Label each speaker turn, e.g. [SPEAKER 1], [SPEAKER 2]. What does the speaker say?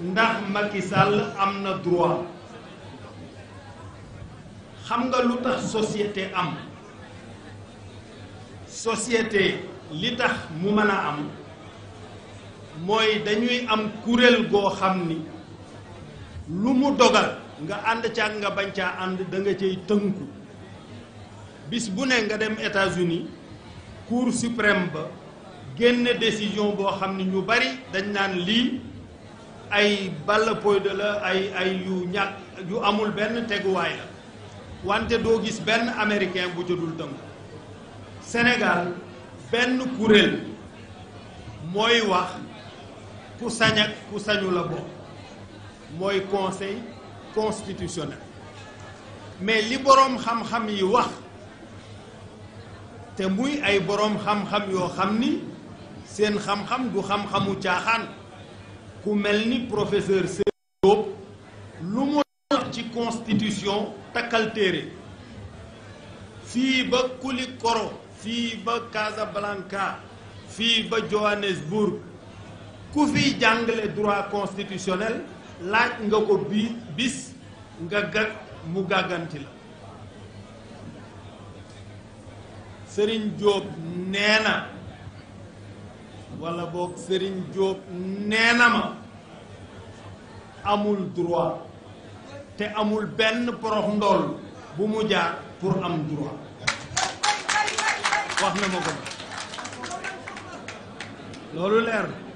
[SPEAKER 1] ndax Macky sàll am na droit xam nga lu tax société am société li tax mu mën a am mooy dañuy am kuréel goo xam ni lu mu dogal nga ànd caag nga bañ caa ànd danga nga cay tënku bis bu ne nga dem États-Unis Cour ba génn décision goo xam ni ñu bari dañ naan lii ay balla poy de la ay ay yu ñàkk yu amul benn teguwaay la wante doo gis benn américain bu jëdul tënku Sénégal benn kuréel mooy wax ku sañ ku sañu la bokk mooy conseil constitutionnel mais li boroom xam-xam yi wax te muy ay boroom xam-xam yoo xam ni seen xam-xam du xam-xamu caaxaan ku mel ni professeur Serigne Diop lu mu wax ci constitution takkal téere fii ba Koulikoro fii ba Casablanca fii ba Johannesburg ku fiy jàngale droit constitutionnel laaj nga ko bi bis nga gàgg mu gàgganti la Serigne Diop nee wala boog Serigne Diop nee ma amul droit te amul benn porox ndool bu mu jaar pour am droit wax na ma ko loolu leer